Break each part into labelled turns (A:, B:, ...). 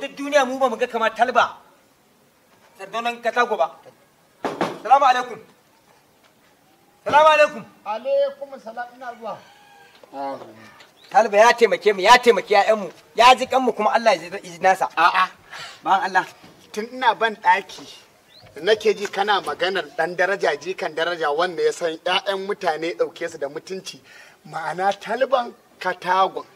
A: duk duniya mu ba mu ga kamar talba sardaunan katago ba salamu alaikum salamu alaikum
B: alaikum salam ina zuwa
A: talba ya taimake mu ya taimake ƴaƴanmu ya ji kanmu kuma Allah ya ji nasa a'a ban Allah tun ina ban daki nake ji kana maganar
B: dan daraja jikan daraja wanda ya san ƴaƴan mutane dauke su da mutunci ma'ana
A: talban katagon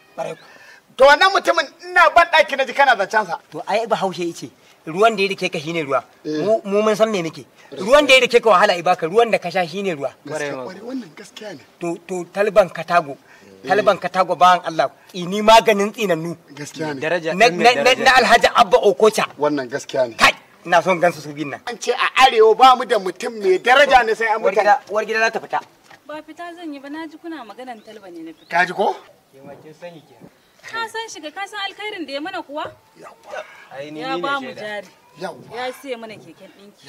A: to wannan mutumin ina ban ɗaki na ji kana zancen sa to ai ba haushe yace ruwan da ya dake ka shine ruwa eh. mu mun san me muke ruwan da ya dake ka wahala i baka ruwan da ka sha shine ruwa wannan gaskiya ne to to talban katago eh. talban katago bawan Allah ini maganin tsinannu gaskiya ne daraja na Alhaji Abba Okocha wannan gaskiya ne kai ina son gansu su bin nan an ce a arewa ba mu da mutum mai daraja ne sai an mutane war gida za ta fita
C: ba fita zan yi ba na ji kuna maganan talba ne na fita
A: ka ji ko kin sani kenan
C: Ka san shiga ka san alkhairin da ya mana kuwa?
A: Ya ba mu jari. Ya
C: siya mana keken ɗinki.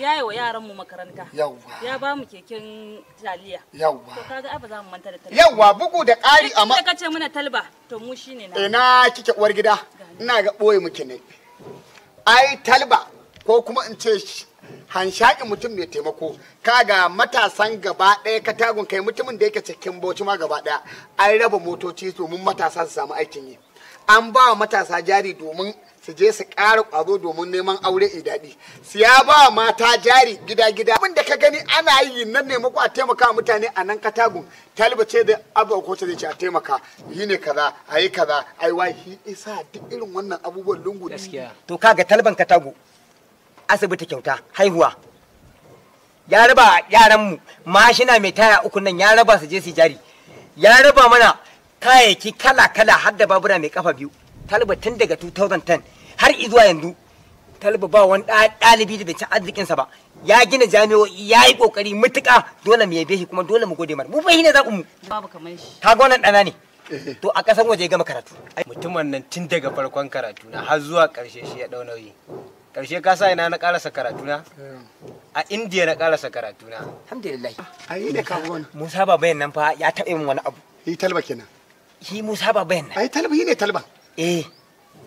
C: Ya yi wa yaran mu makaranta. Ya ba mu keken taliya. To kaga ai ba za mu manta da talba. Yawwa bugu da ƙari a ma. Kika ce mana talba to mu shine na.
B: Ina kike uwar gida? Ina ga boye muke ne. Ai talba ko kuma in ce hanshaƙi mutum mai taimako ka ga matasan gaba ɗaya katagun kai mutumin da yake cikin bauchi ma gaba ɗaya an raba motoci domin matasa su samu aikin yi an ba matasa jari domin su je su ƙara ƙwazo domin neman aure i daɗi su ya ba wa mata jari gida gida abin da ka gani ana yi nan ne a taimaka mutane a nan katagun ce da abuwa ko zai ce a taimaka yi ne kaza a yi kaza a yi isa duk irin wannan abubuwan
A: lungu gaskiya to kaga talban katagu asibiti kyauta haihuwa ya raba yaranmu mashina mai taya uku nan ya raba su je su jari ya raba mana kayayyaki kala-kala har da babura mai kafa biyu talba tun daga 2010 har izuwa yanzu talba ba wani ɗalibi da bai arzikinsa ba ya gina jami'o'i ya yi ƙoƙari mutuƙa dole mu yabe shi kuma dole mu gode mana mu bai ne ku mu
C: babu kamar shi
A: ka wannan ɗana ne eh. to a kasan waje ya gama karatu mutumin nan tun daga farkon karatu na har zuwa ƙarshe shi ya ɗau nauyi karshe ka sa ina na karasa karatuna a indiya na karasa karatuna alhamdulillah yi da kawon musa babayan nan fa ya taɓa mun wani abu yi talba kenan yi musa babayan nan yi talba yi ne talba eh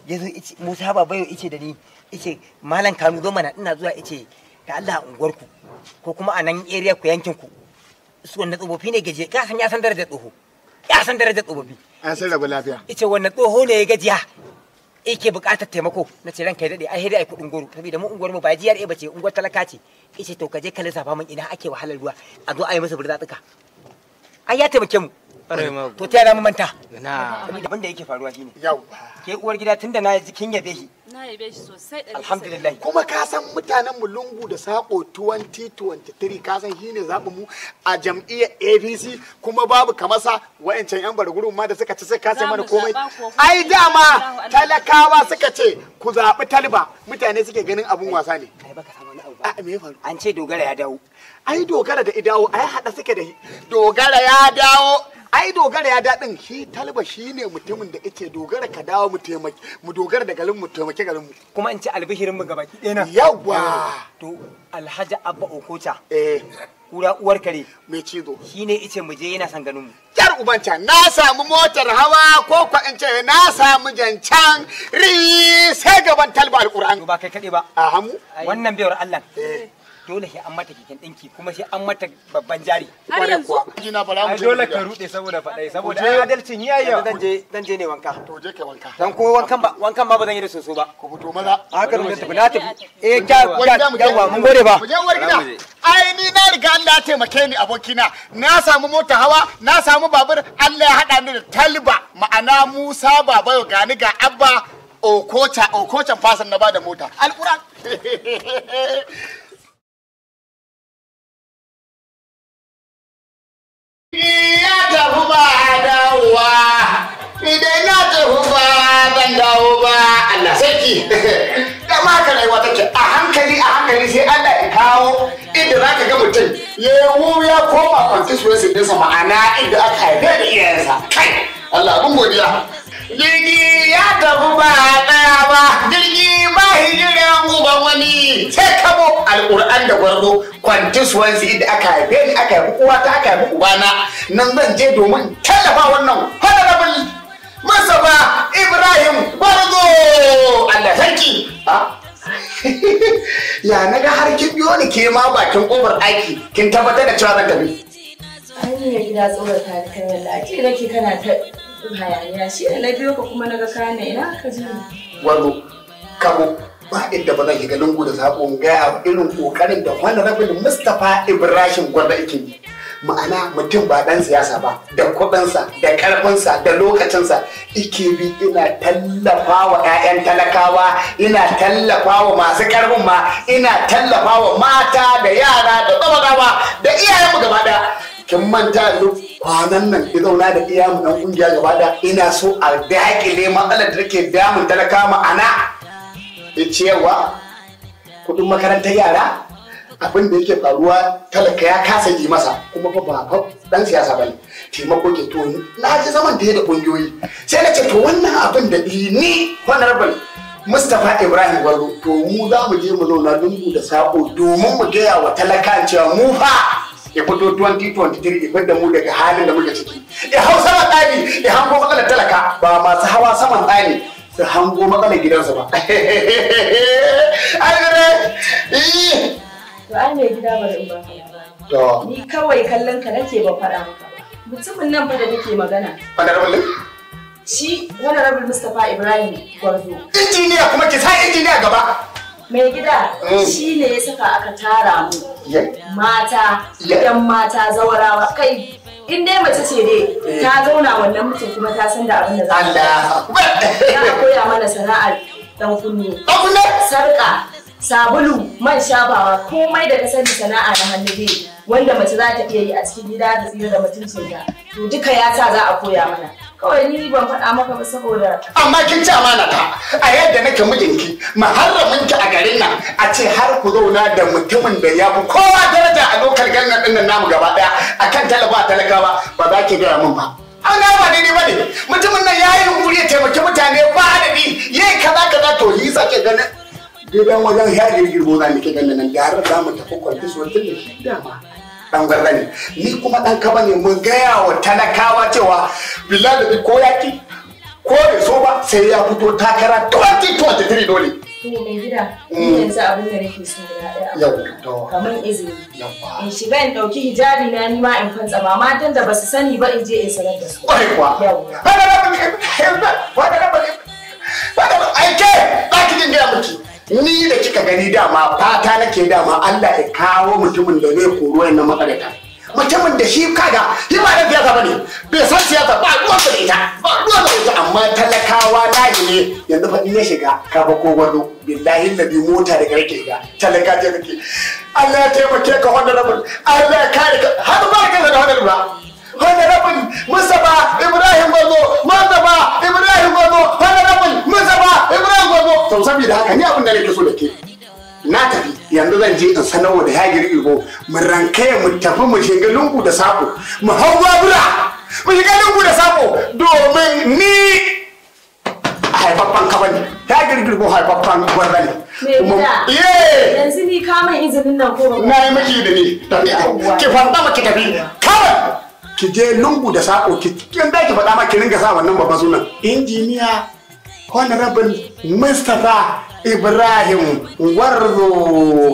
A: yanzu musa babayan ice da ni ice malam kanu zo mana ina zuwa ice ka Allah a unguwarku ko kuma a nan area ku yankin ku su wannan tsofaffi ne gaje ka san ya san darajar tsoho ya san darajar tsofaffi an san rabu lafiya ice wannan tsoho ne ya gajiya yake bukatar taimako na ce ranka ya daɗe ai dai ai kuɗin goro saboda mu unguwar mu ba GRA ba ce unguwar talaka ce ice to ka je ka lissafa min ina ake wahalar ruwa a zo a yi masa burza tsaka ai ya taimake mu to ta yana manta na abin da yake faruwa shine Yau. ke uwar gida tunda na yi kin yabe shi
C: na yabe shi sosai alhamdulillah
A: kuma ka san mutanen mu lungu da sako
B: 2023 ka san shine zaɓin mu a jam'iyyar APC kuma babu kamasa wayancan yan bargurun ma da suka ci sai ka sai mana komai ai dama talakawa suka ce ku zaɓi talba mutane suke ganin abun wasa ne baka wani abu. a me ya faru an ce dogara ya dawo ai dogara da idawo ai hada suke da dogara ya dawo ai dogara ya daɗin shi talba shi ne mutumin da yake dogara ka dawo mu taimaki mu dogara da galin mu
A: taimaki galin mu kuma in ci albihirin mu gabaki ɗaya yawa to alhaji abba okocha eh kura uwar kare mai cizo shi ne ice mu je yana san ganin mu yar ubanta
B: na samu motar hawa ko kwa in ce na samu jancan ri
A: sai gaban talba alquran ba kai kade ba a hamu wannan biyar Allah eh dole sai an mata keken dinki kuma sai an mata babban jari har yanzu jina fara mu dole ka rude saboda fadai saboda ai adalcin yayi yau dan je dan je ne wanka to je kai wanka dan ko wankan ba wankan ma ba zan yi da soso ba ku fito maza haka ne tafi na tafi eh ka yawa mun gode ba je uwar gida
B: ai ni na riga Allah ya taimake ni abokina na samu mota hawa na samu babur Allah ya hada ni da talba ma'ana Musa baba ga ni ga abba okocha okochan fasan na bada mota alquran ya tafi ba a dawowa idan na tafi ba ban dawo ba Allah sarki da ka rayuwa take a hankali a hankali sai Allah ya kawo inda za ka ga mutum ya ya koma constituency ɗinsa ma'ana inda aka haife da iyayensa kai Allah abin godiya jirgi ya tafi ba ɗaya ba jirgi ba hijiran guban wani sai kamo Al'ur'an da gwarzo kwantis wansu inda aka haife ni aka haifi uwa ta aka haifi ubana nan zan je domin tallafa wannan honorable masaba ibrahim gwarzo allah sarki
C: ah.
B: ya na ga har kin biyo ni ke ma bakin
C: kofar aiki
B: kin tabbatar da cewa zan tafi
C: ai ne gida tsorata ta wallahi nake kana ta duk hayaniya shi ne na
B: ba inda ba zan shiga lungu da sakon gaya irin kokarin da wani rabin mustapha ibrahim gwanda yi ma'ana mutum ba ɗan siyasa ba da kuɗinsa da ƙarfinsa da lokacinsa ike bi ina tallafa wa 'ya'yan talakawa ina tallafa wa masu ƙarfin ma ina tallafa wa mata da yara da gaba da iyayenmu gaba ɗaya kin manta duk kwanan nan ya zauna da iya mu dan kungiya gaba da ina so a dakile matsalar da take damun talaka ma'ana ya ciyarwa kudin makarantar yara abin da yake faruwa talaka ya kasa yi masa kuma ba ba dan siyasa bane taimako ke to na ji zaman da da kungiyoyi sai na ce to wannan abin da ni honorable Mustapha Ibrahim Gwarzo to mu za mu je mu zauna dungu da sako domin mu gaya wa talaka cewa mu fa ya fito 2023 ya fidda mu daga halin da muke ciki ya hau sama tsari ya hango matsalar talaka ba masu hawa saman tsari su hango matsalar gidansu ba
C: ai ne ba ne gida ba in ba ni kawai kallon ka nake ba fara maka mutumin nan fa da nake magana honorable shi honorable Mustapha Ibrahim gordo. injiniya kuma ki sa injiniya gaba mai gida eh. shi ne ya saka aka tara mu mata yan mata zawarawa kai in dai mace ce dai eh. ta zauna wannan mutum kuma ta san da abin da za ta koya mana sana'ar dan kunne sarka sabulu man shafawa komai da ka sani sana'a na hannu dai wanda mace za ta iya yi a cikin gida da tsira da mutuncin to duka ya sa za a koya mana Kawai ni ban faɗa maka ba saboda. Amma kin ci amana ta a yadda nake
B: mijinki muharramin ki a garin na a ce har ku zauna da mutumin da ya fi kowa daraja a lokal gannan ɗin nan namu gaba ɗaya akan talaba talakawa ba za ki gaya min ba. An ba daidai ba ne mutumin nan ya yi yunkuri ya taimaki mutane ba adadi ya yi kaza kaza to yi sake ganin. Gidan wajen ya girgirgo za mu ke ganin nan da har za mu tafi kwalfi suwar tun da dama. dan gwarza ne ni kuma dan kaba ne mun gaya wa talakawa cewa billahi da ko yaki ko da so ba sai ya fito takara 2023 dole
C: to mai gida ni mm. yanzu abin da nake so guda
B: ɗaya
C: kamar izini in shiga in ɗauki hijabi na ni ma in fantsa ba matan da ba su sani ba in je in sanar da su kwarai kuwa yawwa ba da ba ba da ba ba da ba ai ke
B: ba ki jin gaya miki ni da kika gani dama fata nake dama Allah ya kawo mutumin da zai koro wannan makarata mutumin da shi kaga shi ba da fiyata bane bai san siyasa ba ruwan da ita ba ruwan da ita amma talakawa na ne yanzu fa in ya shiga ka ba ko wado billahi nabi mota da garke ga talaka ce kake Allah ya taimake ka rabin Allah ya kare ka har ba ka da honorable honorable musaba ibrahim gozo musaba ibrahim gozo rabin musaba to saboda haka ni abin da nake so da ke na tafi yanzu zan je in sanarwa da yagiri igbo mu ranke mu tafi mu shiga lungu da sako mu hau babura mu shiga lungu da sako domin ni haifaffan kaba ne yagiri igbo haifaffan gwarza
C: ne yanzu ni kama izinin nan ko ba na yi miki
B: da ni tafi ki fanta maki tafi kawai ki je lungu da sako ki kin da ki faɗa ma ki ringa sa wannan babban sunan injiniya honorable mustapha ibrahim warzo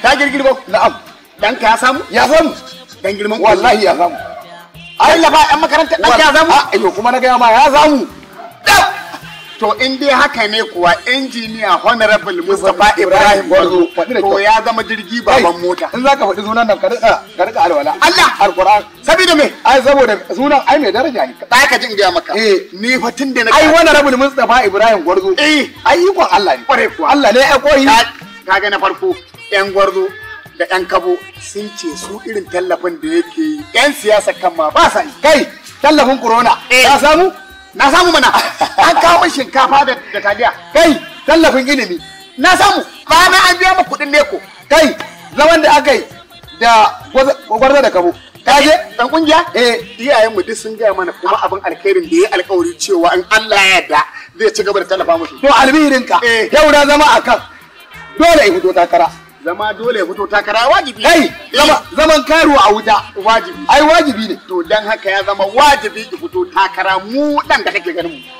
B: ta girgiri ba na'am dan ka samu ya samu dan girman wallahi ya samu ai ah, kuma na ga ma ya samu to in dai haka ne kuwa injiniya honorable mustapha ibrahim gwarzo to ya zama jirgi baban mota in zaka faɗi sunan nan ka rika alwala allah alquran saboda me ai saboda sunan ai mai daraja ne ka ka jin gaya maka eh ni fa tun da na ai honorable mustapha ibrahim gwarzo eh ai ikon allah ne kware kuwa allah ne ai koyi ga na farko yan gwarzo da yan kabo sun ce su irin tallafin da yake yi yan siyasa kan ma ba sa yi kai tallafin corona ya eh. samu na samu mana shinkafa da taliya kai tallafin ilimi na samu bayan an biya mu kuɗin ne leko kai zaman da aka yi da gwarza da kabo ka je dan kungiya eh iyayen mu duk sun gaya mana kuma abin alkhairin da ya alkawari cewa in Allah ya yarda zai ci gaba da tallafa musu to albihirin ka eh. yau na zama akan dole ya fito takara zama dole ya fito takara wajibi kai eh. zaman karo a wuta wajibi ai wajibi ne to dan haka ya zama wajibi ki fito takara mu dan da kake ganin mu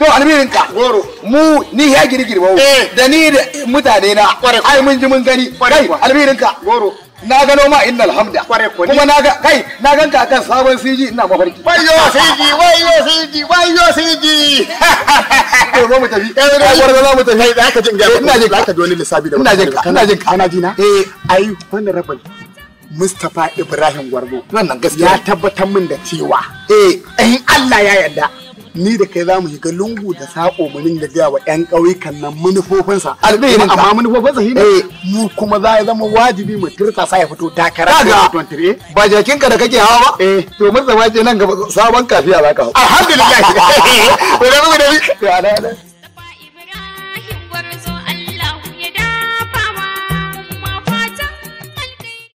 B: to almirin ka goro mu ni ya giri girma eh. da ni da mutane na ai mun ji mun gani kai almirin ka goro na gano ma inna alhamda kuma na ga kai na ganka akan sabon siji ina mafarki wayo siji wayo siji wayo siji to zo mu tafi eh wanda za mu tafi da aka jin ga ina jin ka dole lissafi da ina jin ka ina jin ka kana jina eh ai wannan rabal Mustapha Ibrahim Gwarbo wannan gaskiya ya tabbatar min da cewa eh in Allah ya yarda ni da kai zamu shiga lungu da saƙo munin da jawa wa 'yan ƙauyukan nan manufofinsa. Alƙairin amma manufofinsa shi ne eh. mu kuma za ya zama wajibi mu turta sa ya fito takara. ga ba ka da kake hawa ba? Eh to mun zama ce nan gaba sabon kafiya za ka Alhamdulillah. Wani mu da ni.